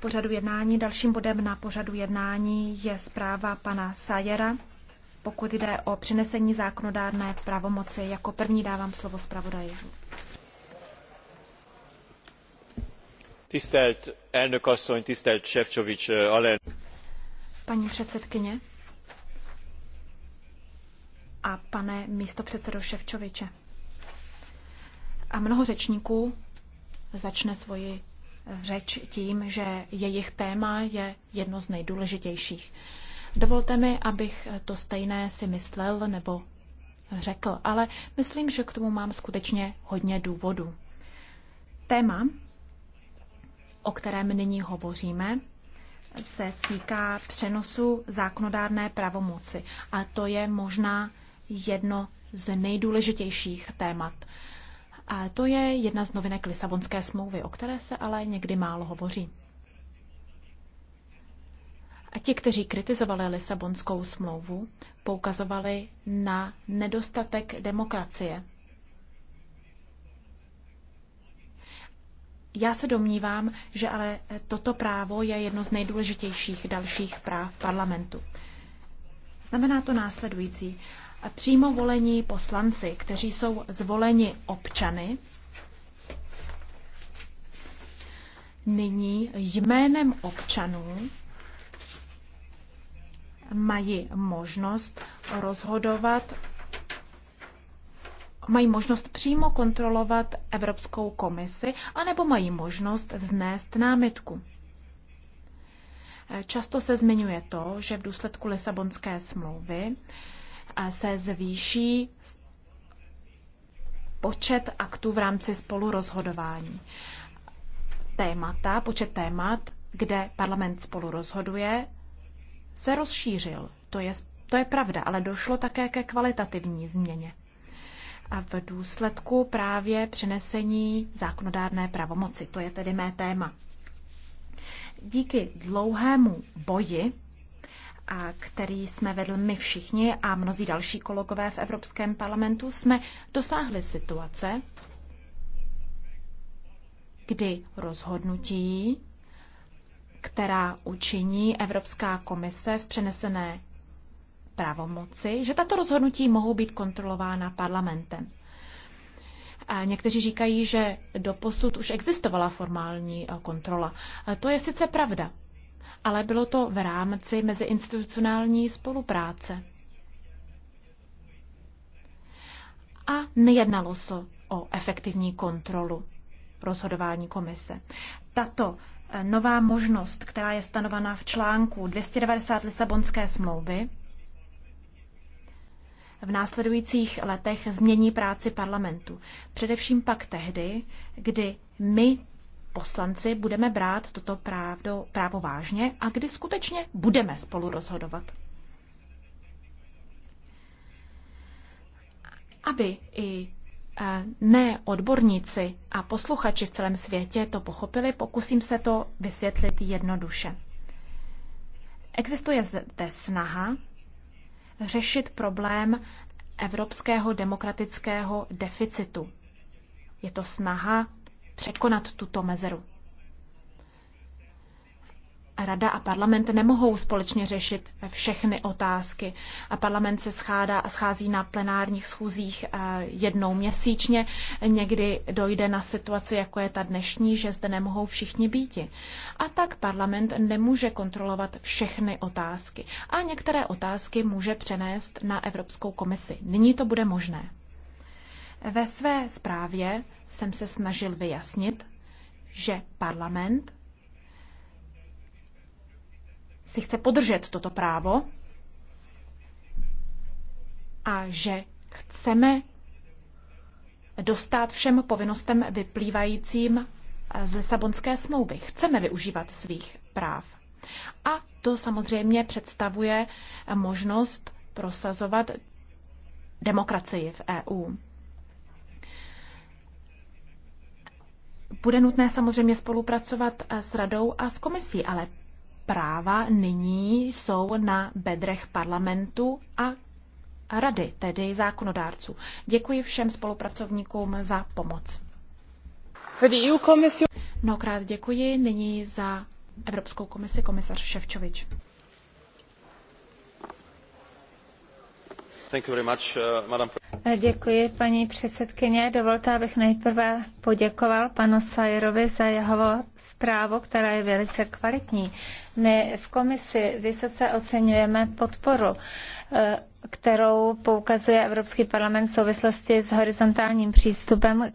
pořadu jednání. Dalším bodem na pořadu jednání je zpráva pana Sajera. Pokud jde o přenesení zákonodárné pravomoci, jako první dávám slovo zpravodaji. Tisztelt elnök asszony, tisztelt Sefcsovics Alen. Paní předsedkyně a pane místopředsedo Ševčoviče. A mnoho řečníků začne svoji řeč tím, že jejich téma je jedno z nejdůležitějších. Dovolte mi, abych to stejné si myslel nebo řekl, ale myslím, že k tomu mám skutečně hodně důvodů. Téma, o kterém nyní hovoříme, se týká přenosu zákonodárné pravomoci a to je možná jedno z nejdůležitějších témat. A to je jedna z novinek Lisabonské smlouvy, o které se ale někdy málo hovoří. A ti, kteří kritizovali Lisabonskou smlouvu, poukazovali na nedostatek demokracie. Já se domnívám, že ale toto právo je jedno z nejdůležitějších dalších práv parlamentu. Znamená to následující přímo volení poslanci, kteří jsou zvoleni občany, nyní jménem občanů mají možnost rozhodovat, mají možnost přímo kontrolovat Evropskou komisi, anebo mají možnost vznést námitku. Často se zmiňuje to, že v důsledku Lisabonské smlouvy se zvýší počet aktů v rámci spolurozhodování. Témata, počet témat, kde parlament spolu rozhoduje, se rozšířil. To je, to je pravda, ale došlo také ke kvalitativní změně. A v důsledku právě přenesení zákonodárné pravomoci. To je tedy mé téma. Díky dlouhému boji který jsme vedl my všichni a mnozí další kolegové v Evropském parlamentu, jsme dosáhli situace, kdy rozhodnutí, která učiní Evropská komise v přenesené pravomoci, že tato rozhodnutí mohou být kontrolována parlamentem. A někteří říkají, že doposud už existovala formální eh, kontrola. To je sice pravda, ale bylo to v rámci meziinstitucionální spolupráce. A nejednalo se o efektivní kontrolu rozhodování komise. Tato eh, nová možnost, která je stanovaná v článku 290 Lisabonské smlouvy, v následujících letech změní práci parlamentu. Především pak tehdy, kdy my poslanci budeme brát toto právdo, právo vážně a kdy skutečně budeme spolu rozhodovat. Aby i eh, ne odborníci a posluchači v celém světě to pochopili, pokusím se to vysvětlit jednoduše. Existuje zde snaha řešit problém evropského demokratického deficitu. Je to snaha překonat tuto mezeru. Rada a parlament nemohou společně řešit všechny otázky. A parlament se schádá, schází na plenárních schůzích eh, jednou měsíčně. Někdy dojde na situaci, jako je ta dnešní, že zde nemohou všichni býti. A tak parlament nemůže kontrolovat všechny otázky. A některé otázky může přenést na Evropskou komisi. Nyní to bude možné. Ve své zprávě jsem se snažil vyjasnit, že parlament si chce podržet toto právo a že chceme dostat všem povinnostem vyplývajícím z Lisabonské smlouvy. Chceme využívat svých práv. A to samozřejmě představuje možnost prosazovat demokracii v EU. Bude nutné samozřejmě spolupracovat eh, s radou a s komisí, ale práva nyní jsou na bedrech parlamentu a rady, tedy zákonodárců. Děkuji všem spolupracovníkům za pomoc. E Mnohokrát děkuji nyní za Evropskou komisi komisař Ševčovič. Uh, eh, děkuji, paní předsedkyně. Dovolte, abych nejprve poděkoval panu Sajerovi za jeho zprávu, která je velice kvalitní. My v komisi vysoce oceňujeme podporu eh, kterou poukazuje Evropský parlament v souvislosti s horizontálním přístupem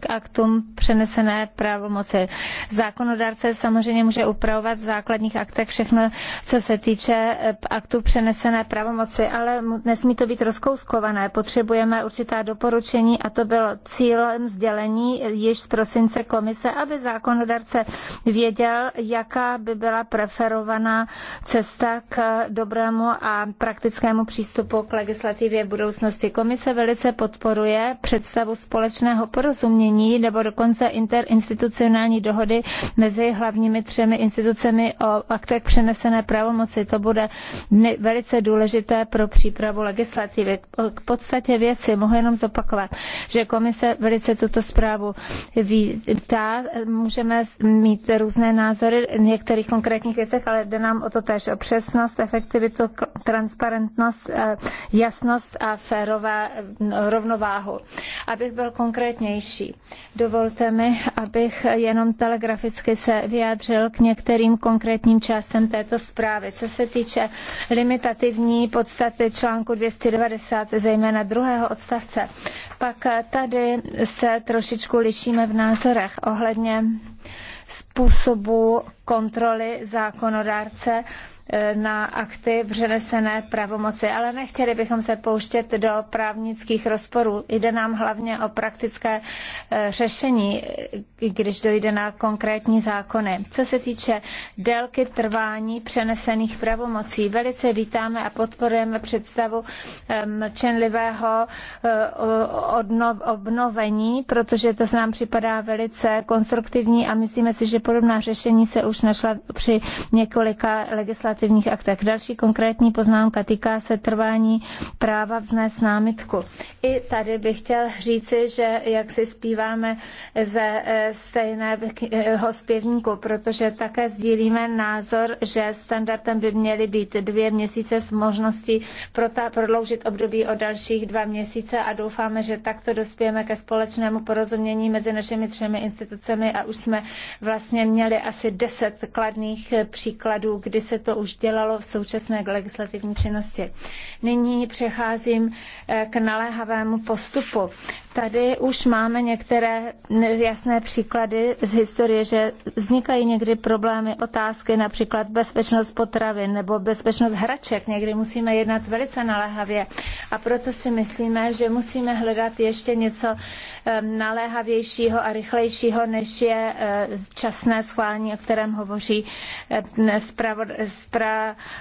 k aktům přenesené právomoci. Zákonodárce samozřejmě může upravovat v základních aktech všechno, co se týče eh, aktů přenesené pravomoci, ale nesmí to být rozkouskované. Potřebujeme určitá doporučení a to bylo cílem sdělení již z prosince komise, aby zákonodárce věděl, jaká by byla preferovaná cesta k dobrému a praktickému přístupu přístupu k legislativě budoucnosti. Komise velice podporuje představu společného porozumění nebo dokonce interinstitucionální dohody mezi hlavními třemi institucemi o aktech přenesené pravomoci. To bude velice důležité pro přípravu legislativy. K podstatě věci mohu jenom zopakovat, že komise velice tuto zprávu vítá. Můžeme mít různé názory v některých konkrétních věcech, ale jde nám o to též o přesnost, efektivitu, transparentnost Eh, jasnost a férová mm, rovnováhu. Abych byl konkrétnější, dovolte mi, abych jenom telegraficky se vyjádřil k některým konkrétním částem této zprávy. Co se týče limitativní podstaty článku 290, zejména druhého odstavce, pak tady se trošičku lišíme v názorech ohledně způsobu kontroly zákonodárce Eh, na akty přenesené pravomoci, ale nechtěli bychom se pouštět do právnických rozporů. Jde nám hlavně o praktické eh, řešení, když dojde na konkrétní zákony. Co se týče délky trvání přenesených pravomocí, velice vítáme a podporujeme představu eh, mlčenlivého obnovení, protože to se nám připadá velice konstruktivní a myslíme si, že podobná řešení se už našla při několika legislativních legislativních aktech. Další konkrétní poznámka týká se trvání práva vznést námitku. I tady bych chtěl říci, že jak si zpíváme ze eh, stejného zpěvníku, protože také sdílíme názor, že standardem by měly být dvě měsíce s možností prodloužit období o dalších dva měsíce a doufáme, že takto dospějeme ke společnému porozumění mezi našimi třemi institucemi a už jsme vlastně měli asi deset kladných příkladů, kdy se to už už dělalo v současné legislativní činnosti. Nyní přecházím eh, k naléhavému postupu. Tady už máme některé jasné příklady z historie, že vznikají někdy problémy, otázky, například bezpečnost potravin nebo bezpečnost hraček. Někdy musíme jednat velice naléhavě a proto si myslíme, že musíme hledat ještě něco eh, naléhavějšího a rychlejšího, než je eh, časné schválení, o kterém hovoří zpravodaj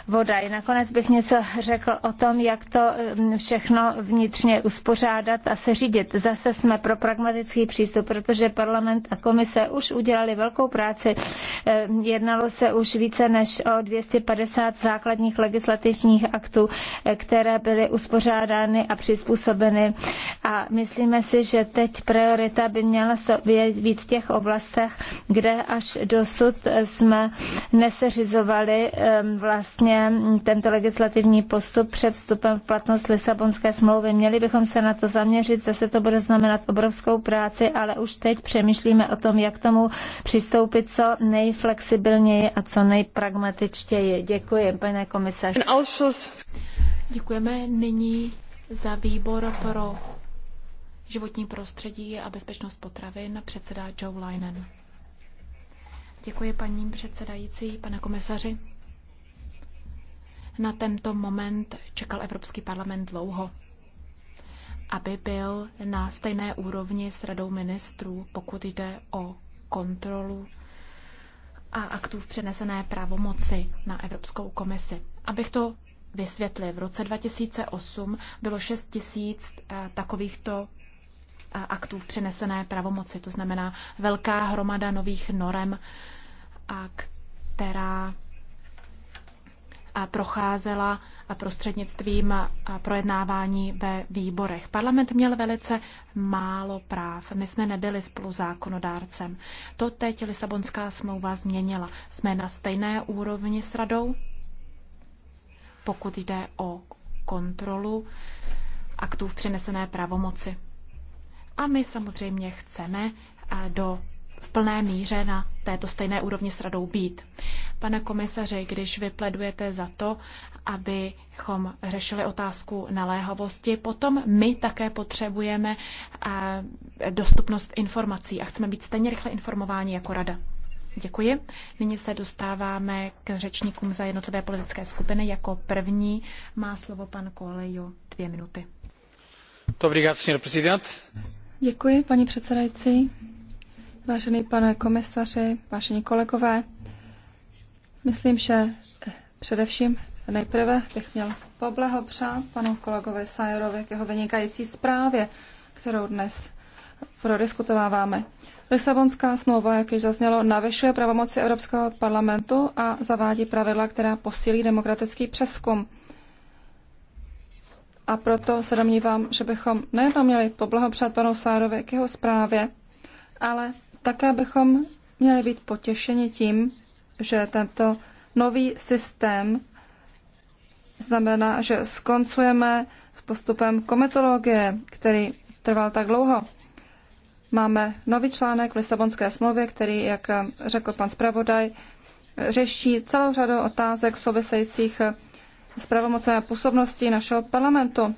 Voda. I Nakonec bych něco řekl o tom, jak to mm, všechno vnitřně uspořádat a seřídit. Zase jsme pro pragmatický přístup, protože parlament a komise už udělali velkou práci. Ehm, jednalo se už více než o 250 základních legislativních aktů, e, které byly uspořádány a přizpůsobeny. A myslíme si, že teď priorita by měla být v těch oblastech, kde až dosud e, jsme neseřizovali ehm, Um, vlastně tento legislativní postup před vstupem v platnost Lisabonské smlouvy. Měli bychom se na to zaměřit, zase to bude znamenat obrovskou práci, ale už teď přemýšlíme o tom, jak tomu přistoupit co nejflexibilněji a co nejpragmatičtěji. Děkuji, pane komisař. Děkujeme nyní za výbor pro životní prostředí a bezpečnost potravin předseda Joe Linen. Děkuji paní předsedající, pane komisaři. Na tento moment čekal Evropský parlament dlouho, aby byl na stejné úrovni s radou ministrů, pokud jde o kontrolu a aktů v přenesené pravomoci na Evropskou komisi. Abych to vysvětlil, v roce 2008 bylo 6 tisíc eh, takovýchto eh, aktů v přenesené pravomoci, to znamená velká hromada nových norem, která procházela prostřednictvím projednávání ve výborech. Parlament měl velice málo práv. My jsme nebyli spolu zákonodárcem. To teď Lisabonská smlouva změnila. Jsme na stejné úrovni s radou, pokud jde o kontrolu aktů v přenesené pravomoci. A my samozřejmě chceme do v plné míře na této stejné úrovni s radou být. Pane komisaři, když vy pledujete za to, abychom řešili otázku naléhavosti, potom my také potřebujeme eh, dostupnost informací a chceme být stejně rychle informováni jako rada. Děkuji. Nyní se dostáváme k řečníkům za jednotlivé politické skupiny. Jako první má slovo pan Kolejo dvě minuty. Dobrý prezident. Děkuji, paní předsedající. Vážený pane komisaři, vážení kolegové, Myslím, že eh, především nejprve bych měl poblahopřát panu kolegovi Sajerovi k jeho vynikající zprávě, kterou dnes prodiskutováváme. Lisabonská smlouva, jak již zaznělo, navyšuje pravomoci Evropského parlamentu a zavádí pravidla, která posílí demokratický přeskum. A proto se domnívám, že bychom nejenom měli poblahopřát panu Sárovi k jeho zprávě, ale také bychom měli být potěšeni tím, že tento nový systém znamená, že skoncujeme s postupem kometologie, který trval tak dlouho. Máme nový článek v Lisabonské smlouvě, který, jak řekl pan zpravodaj, řeší celou řadu otázek souvisejících s pravomocem působností našeho parlamentu.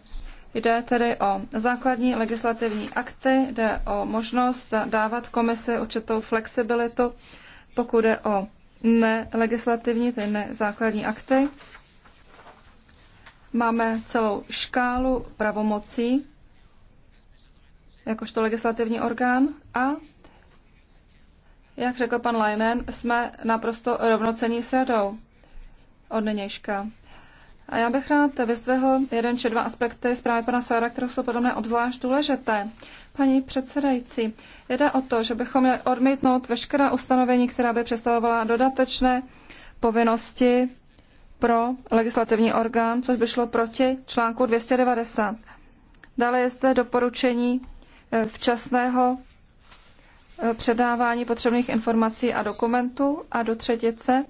Jde tedy o základní legislativní akty, jde o možnost dávat komisi určitou flexibilitu, pokud jde o nelegislativní, ne, nezákladní akty. Máme celou škálu pravomocí, jakožto legislativní orgán a jak řekl pan Leinen, jsme naprosto rovnocení s radou od nynějška. A já bych rád vyzdvihl jeden či dva aspekty zprávy pana Sára, které jsou podle mě obzvlášť důležité. Paní předsedající, jde o to, že bychom měli odmítnout veškerá ustanovení, která by představovala dodatečné povinnosti pro legislativní orgán, což by šlo proti článku 290. Dále je zde doporučení eh, včasného eh, předávání potřebných informací a dokumentů a do třetice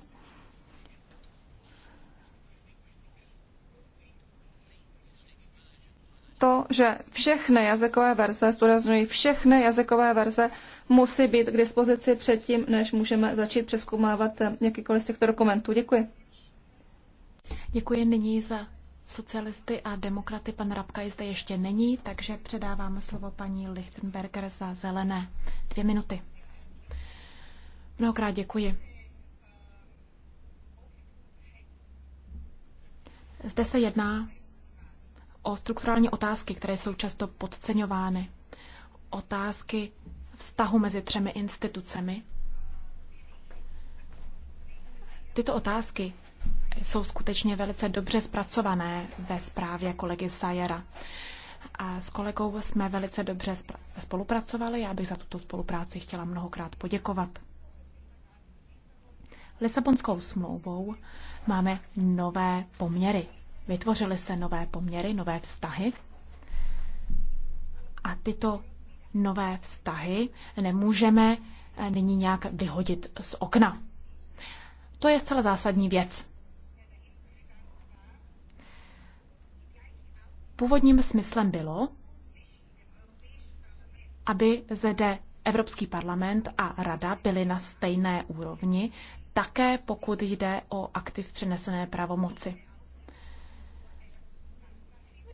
to, že všechny jazykové verze, zdůraznuju, všechny jazykové verze musí být k dispozici předtím, než můžeme začít přeskoumávat eh, jakýkoliv z těchto dokumentů. Děkuji. Děkuji nyní za socialisty a demokraty. Pan Rabka zde ještě není, takže předáváme slovo paní Lichtenberger za zelené. Dvě minuty. Mnohokrát děkuji. Zde se jedná o strukturální otázky, které jsou často podceňovány. Otázky vztahu mezi třemi institucemi. Tyto otázky jsou skutečně velice dobře zpracované ve zprávě kolegy Sajera. A s kolegou jsme velice dobře spolupracovali. Já bych za tuto spolupráci chtěla mnohokrát poděkovat. Lisabonskou smlouvou máme nové poměry vytvořily se nové poměry, nové vztahy. A tyto nové vztahy nemůžeme eh, nyní nějak vyhodit z okna. To je zcela zásadní věc. Původním smyslem bylo, aby zde Evropský parlament a Rada byly na stejné úrovni, také pokud jde o aktiv přenesené pravomoci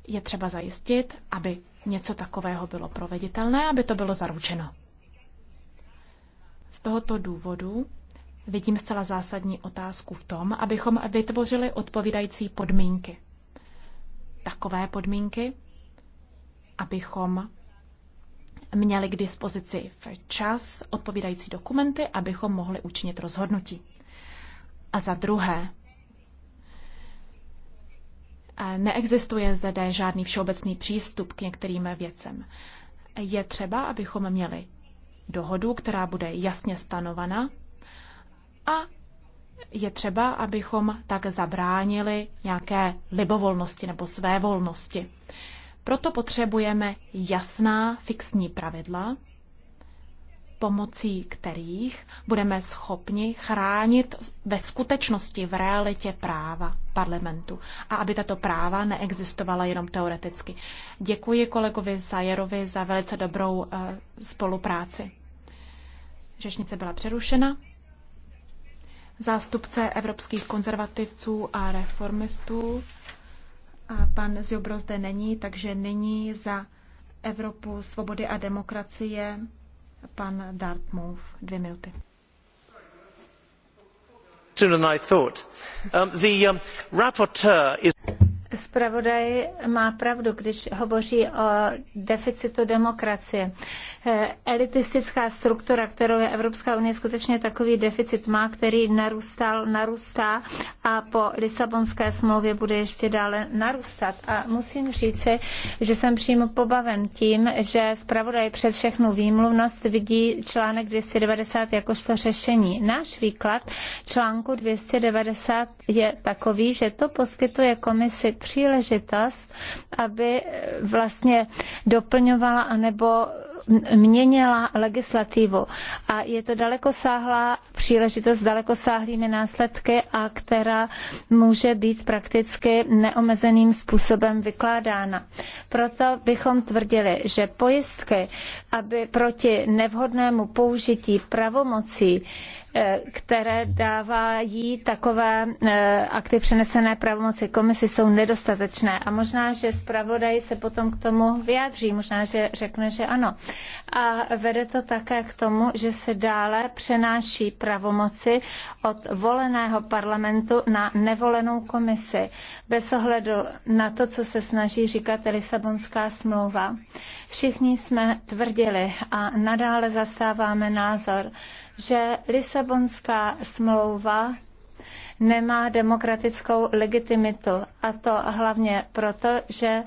je třeba zajistit, aby něco takového bylo proveditelné, aby to bylo zaručeno. Z tohoto důvodu vidím zcela zásadní otázku v tom, abychom vytvořili odpovídající podmínky. Takové podmínky, abychom měli k dispozici v čas odpovídající dokumenty, abychom mohli učinit rozhodnutí. A za druhé, Neexistuje zde žádný všeobecný přístup k některým věcem. Je třeba, abychom měli dohodu, která bude jasně stanovaná a je třeba, abychom tak zabránili nějaké libovolnosti nebo své volnosti. Proto potřebujeme jasná fixní pravidla, pomocí kterých budeme schopni chránit ve skutečnosti, v realitě práva parlamentu a aby tato práva neexistovala jenom teoreticky. Děkuji kolegovi Zajerovi za velice dobrou eh, spolupráci. Řešnice byla přerušena. Zástupce evropských konzervativců a reformistů a pan Zjobro zde není, takže nyní za Evropu svobody a demokracie Pan Dartmouth, dvě minuty. Sooner than I thought. Um, the um, rapporteur is. Spravodaj má pravdu, když hovoří o deficitu demokracie. Eh, elitistická struktura, kterou je Evropská unie, skutečně takový deficit má, který narůstal, narůstá a po Lisabonské smlouvě bude ještě dále narůstat. A musím říci, že jsem přímo pobaven tím, že spravodaj přes všechnu výmluvnost vidí článek 290 jakožto řešení. Náš výklad článku 290 je takový, že to poskytuje komisi příležitost, aby vlastně doplňovala anebo měnila legislativu a je to dalekosáhlá příležitost s dalekosáhlými následky a která může být prakticky neomezeným způsobem vykládána. Proto bychom tvrdili, že pojistky, aby proti nevhodnému použití pravomocí e, které dávají takové e, akty přenesené pravomoci komisi, jsou nedostatečné. A možná, že zpravodaj se potom k tomu vyjádří, možná, že řekne, že ano a vede to také k tomu, že se dále přenáší pravomoci od voleného parlamentu na nevolenou komisi, bez ohledu na to, co se snaží říkat Lisabonská smlouva. Všichni jsme tvrdili a nadále zastáváme názor, že Lisabonská smlouva nemá demokratickou legitimitu. A to hlavně proto, že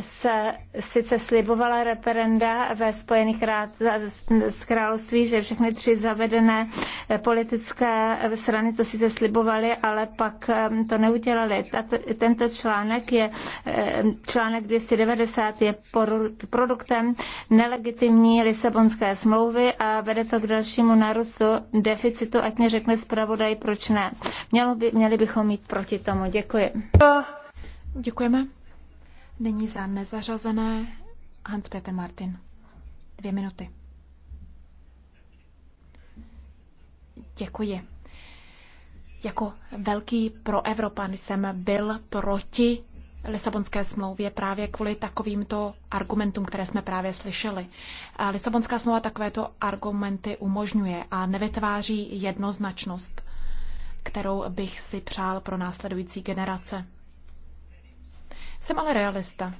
se sice slibovala referenda ve Spojených z království, že všechny tři zavedené politické strany to sice slibovaly, ale pak to neudělali. Tato, tento článek je článek 290 je produktem nelegitimní Lisabonské smlouvy a vede to k dalšímu nárůstu deficitu, ať mě řekne zpravodaj, proč ne. Mělo by, měli bychom mít proti tomu. Děkuji. Děkujeme. Nyní za nezařazené Hans-Peter Martin. Dvě minuty. Děkuji. Jako velký proevropan jsem byl proti Lisabonské smlouvě právě kvůli takovýmto argumentům, které jsme právě slyšeli. Lisabonská smlouva takovéto argumenty umožňuje a nevytváří jednoznačnost, kterou bych si přál pro následující generace. Jsem ale realista.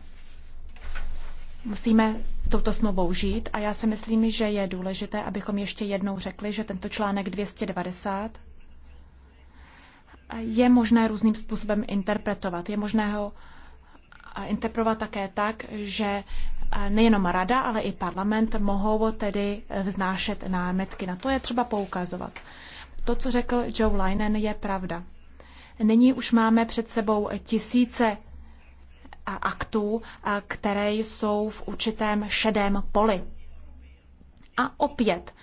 Musíme s touto smlouvou žít a já si myslím, že je důležité, abychom ještě jednou řekli, že tento článek 290 je možné různým způsobem interpretovat. Je možné ho interpretovat také tak, že nejenom rada, ale i parlament mohou tedy vznášet námetky. Na to je třeba poukazovat. To, co řekl Joe Linen, je pravda. Nyní už máme před sebou tisíce aktů, které jsou v určitém šedém poli. A opět,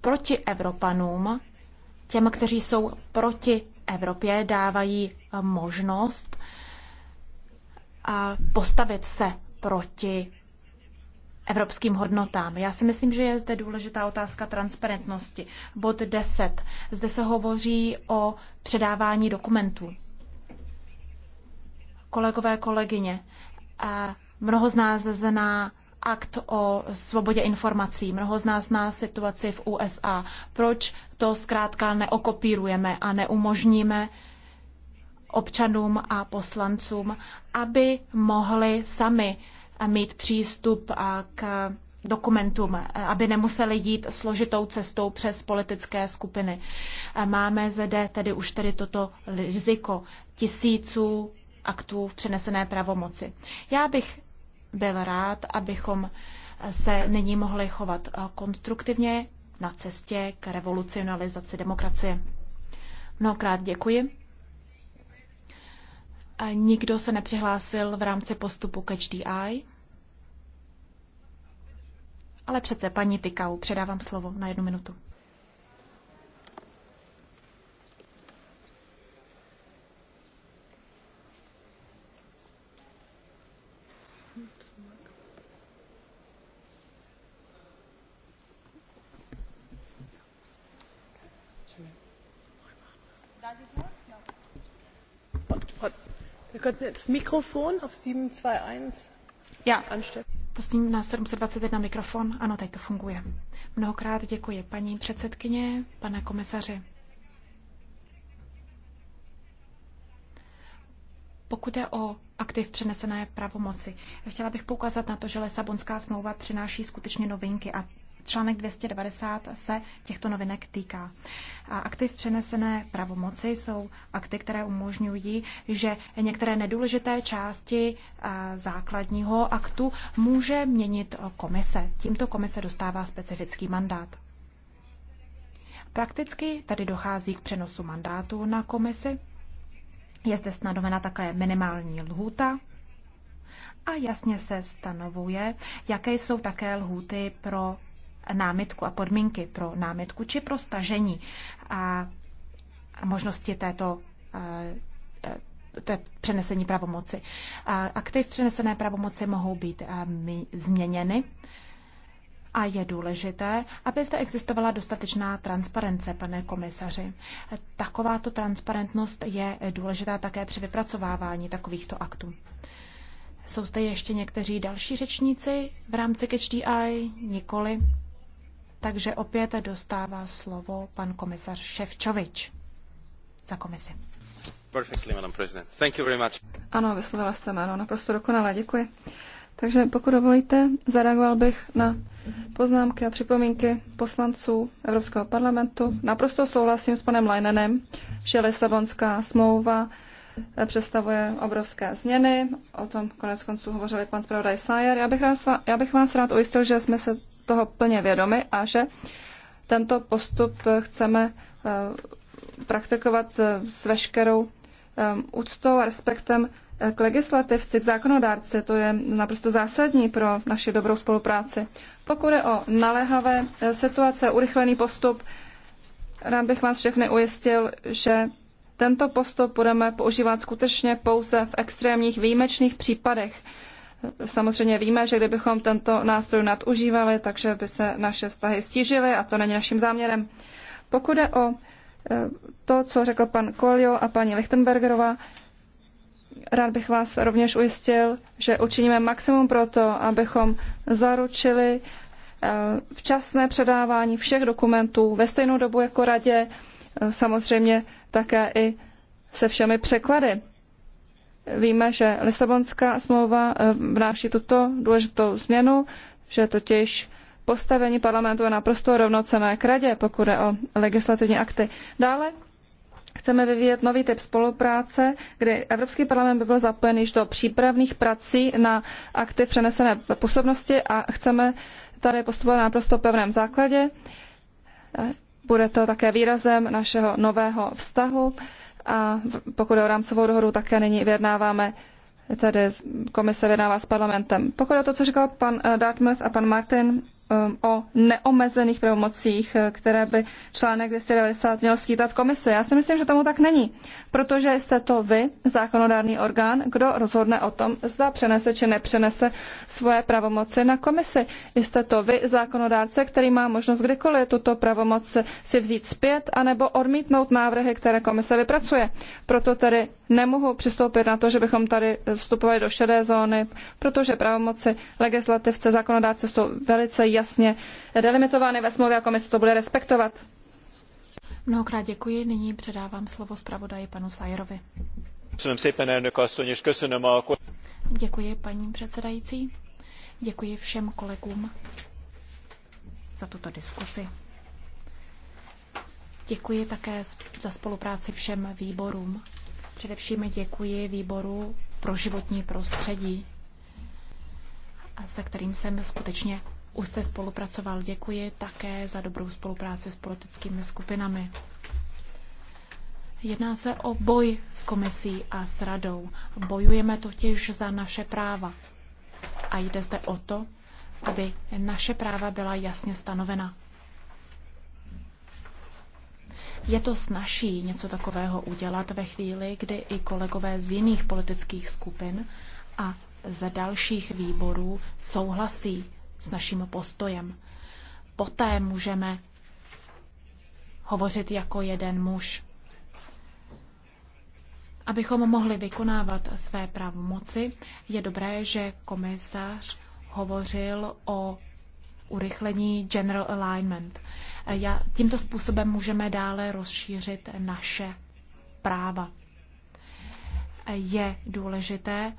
proti Evropanům, těm, kteří jsou proti Evropě, dávají možnost postavit se proti evropským hodnotám. Já si myslím, že je zde důležitá otázka transparentnosti. Bod 10. Zde se hovoří o předávání dokumentů kolegové, kolegyně. Mnoho z nás zná akt o svobodě informací. Mnoho z nás zná situaci v USA. Proč to zkrátka neokopírujeme a neumožníme občanům a poslancům, aby mohli sami mít přístup k dokumentům, aby nemuseli jít složitou cestou přes politické skupiny. Máme zde tedy už tedy toto riziko tisíců aktů v přenesené pravomoci. Já bych byl rád, abychom se nyní mohli chovat eh, konstruktivně na cestě k revolucionalizaci demokracie. Mnohokrát děkuji. A nikdo se nepřihlásil v rámci postupu Catch HDI. Ale přece paní Tykau, předávám slovo na jednu minutu. Mikrofon 721 na mikrofon. Ano, to funguje. Mnohokrát děkuji paní předsedkyně, pane komisaři. Pokud je o aktiv přenesené pravomoci, chtěla bych poukázat na to, že Lesabonská smlouva přináší skutečně novinky a Článek 290 se těchto novinek týká. A akty v přenesené pravomoci jsou akty, které umožňují, že některé nedůležité části základního aktu může měnit komise. Tímto komise dostává specifický mandát. Prakticky tady dochází k přenosu mandátu na komisi. Je zde stanovena také minimální lhůta a jasně se stanovuje, jaké jsou také lhůty pro námitku a podmínky pro námitku či pro stažení a možnosti této eh, eh, té přenesení pravomoci. v přenesené pravomoci mohou být eh, změněny a je důležité, aby zde existovala dostatečná transparence, pane komisaři. Takováto transparentnost je důležitá také při vypracovávání takovýchto aktů. Jsou zde ještě někteří další řečníci v rámci KHDI? Nikoli. Takže opět dostává slovo pan komisař Ševčovič za komisi. Perfectly, Madam President. Thank you very much. Ano, vyslovila jste jméno naprosto dokonale, děkuji. Takže pokud dovolíte, zareagoval bych na poznámky a připomínky poslanců Evropského parlamentu. Naprosto souhlasím s panem Leinenem, že Lisabonská smlouva eh, představuje obrovské změny. O tom konec konců hovořil pan zpravodaj Sayer. Já bych, rád, já bych vás rád ujistil, že jsme se toho plně vědomi a že tento postup chceme eh, praktikovat s veškerou eh, úctou a respektem eh, k legislativci, k zákonodárci. To je naprosto zásadní pro naši dobrou spolupráci. Pokud je o naléhavé situace, urychlený postup, rád bych vás všechny ujistil, že tento postup budeme používat skutečně pouze v extrémních výjimečných případech. Samozřejmě víme, že kdybychom tento nástroj nadužívali, takže by se naše vztahy stížily a to není naším záměrem. Pokud je o e, to, co řekl pan Kolio a paní Lichtenbergerová, rád bych vás rovněž ujistil, že učiníme maximum pro to, abychom zaručili e, včasné předávání všech dokumentů ve stejnou dobu jako radě, e, samozřejmě také i se všemi překlady. Víme, že Lisabonská smlouva eh, vnáší tuto důležitou změnu, že totiž postavení parlamentu je naprosto rovnocené k radě, pokud je o legislativní akty. Dále chceme vyvíjet nový typ spolupráce, kdy Evropský parlament by byl zapojen již do přípravných prací na akty v přenesené působnosti a chceme tady postupovat na naprosto pevném základě. Bude to také výrazem našeho nového vztahu a pokud je o rámcovou dohodu, také nyní vyjednáváme, tedy komise vyjednává s parlamentem. Pokud je o to, co říkal pan eh, Dartmouth a pan Martin, Um, o neomezených pravomocích, eh, které by článek 290 měl skýtat komise. Já si myslím, že tomu tak není, protože jste to vy, zákonodárný orgán, kdo rozhodne o tom, zda přenese či nepřenese svoje pravomoci na komisi. Jste to vy, zákonodárce, který má možnost kdykoliv tuto pravomoc si vzít zpět anebo odmítnout návrhy, které komise vypracuje. Proto tedy nemohu přistoupit na to, že bychom tady vstupovali do šedé zóny, protože pravomoci legislativce, zákonodárce jsou velice jasně delimitovány ve smlouvě a komise to bude respektovat. Mnohokrát děkuji. Nyní předávám slovo zpravodaji panu Sajerovi. Děkuji, paní předsedající. Děkuji všem kolegům za tuto diskusi. Děkuji také za spolupráci všem výborům. Především děkuji výboru pro životní prostředí, se kterým jsem skutečně už jste spolupracoval. Děkuji také za dobrou spolupráci s politickými skupinami. Jedná se o boj s komisí a s radou. Bojujeme totiž za naše práva. A jde zde o to, aby naše práva byla jasně stanovena. Je to snažší něco takového udělat ve chvíli, kdy i kolegové z jiných politických skupin a z dalších výborů souhlasí s naším postojem. Poté můžeme hovořit jako jeden muž. Abychom mohli vykonávat své pravomoci, je dobré, že komisař hovořil o urychlení General Alignment. Já, tímto způsobem můžeme dále rozšířit naše práva. Je důležité,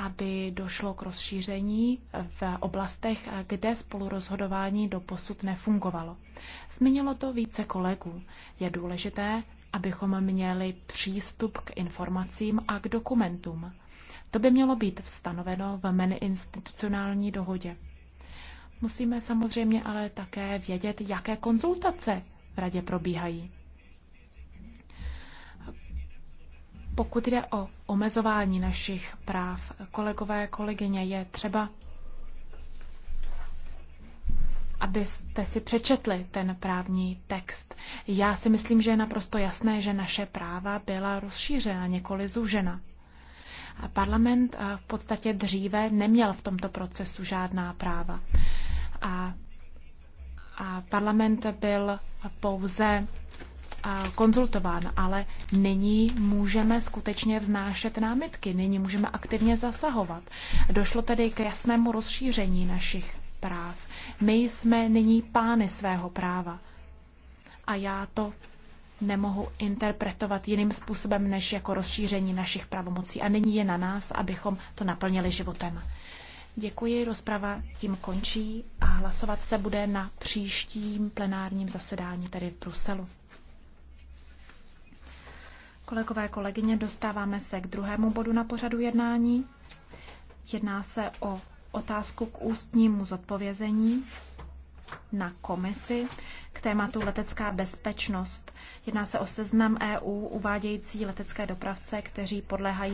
aby došlo k rozšíření v oblastech, kde spolurozhodování doposud nefungovalo. Zmínilo to více kolegů. Je důležité, abychom měli přístup k informacím a k dokumentům. To by mělo být stanoveno v meninstitucionální dohodě. Musíme samozřejmě ale také vědět, jaké konzultace v radě probíhají. Pokud jde o omezování našich práv, kolegové, kolegyně, je třeba, abyste si přečetli ten právní text. Já si myslím, že je naprosto jasné, že naše práva byla rozšířena, několik zúžena. A parlament eh, v podstatě dříve neměl v tomto procesu žádná práva. A, a parlament byl pouze konzultován, ale nyní můžeme skutečně vznášet námitky, nyní můžeme aktivně zasahovat. Došlo tedy k jasnému rozšíření našich práv. My jsme nyní pány svého práva. A já to nemohu interpretovat jiným způsobem než jako rozšíření našich pravomocí. A nyní je na nás, abychom to naplnili životem. Děkuji, rozprava tím končí a hlasovat se bude na příštím plenárním zasedání, tedy v Bruselu. Kolegové, kolegyně, dostáváme se k druhému bodu na pořadu jednání. Jedná se o otázku k ústnímu zodpovězení na komisi k tématu letecká bezpečnost. Jedná se o seznam EU uvádějící letecké dopravce, kteří podléhají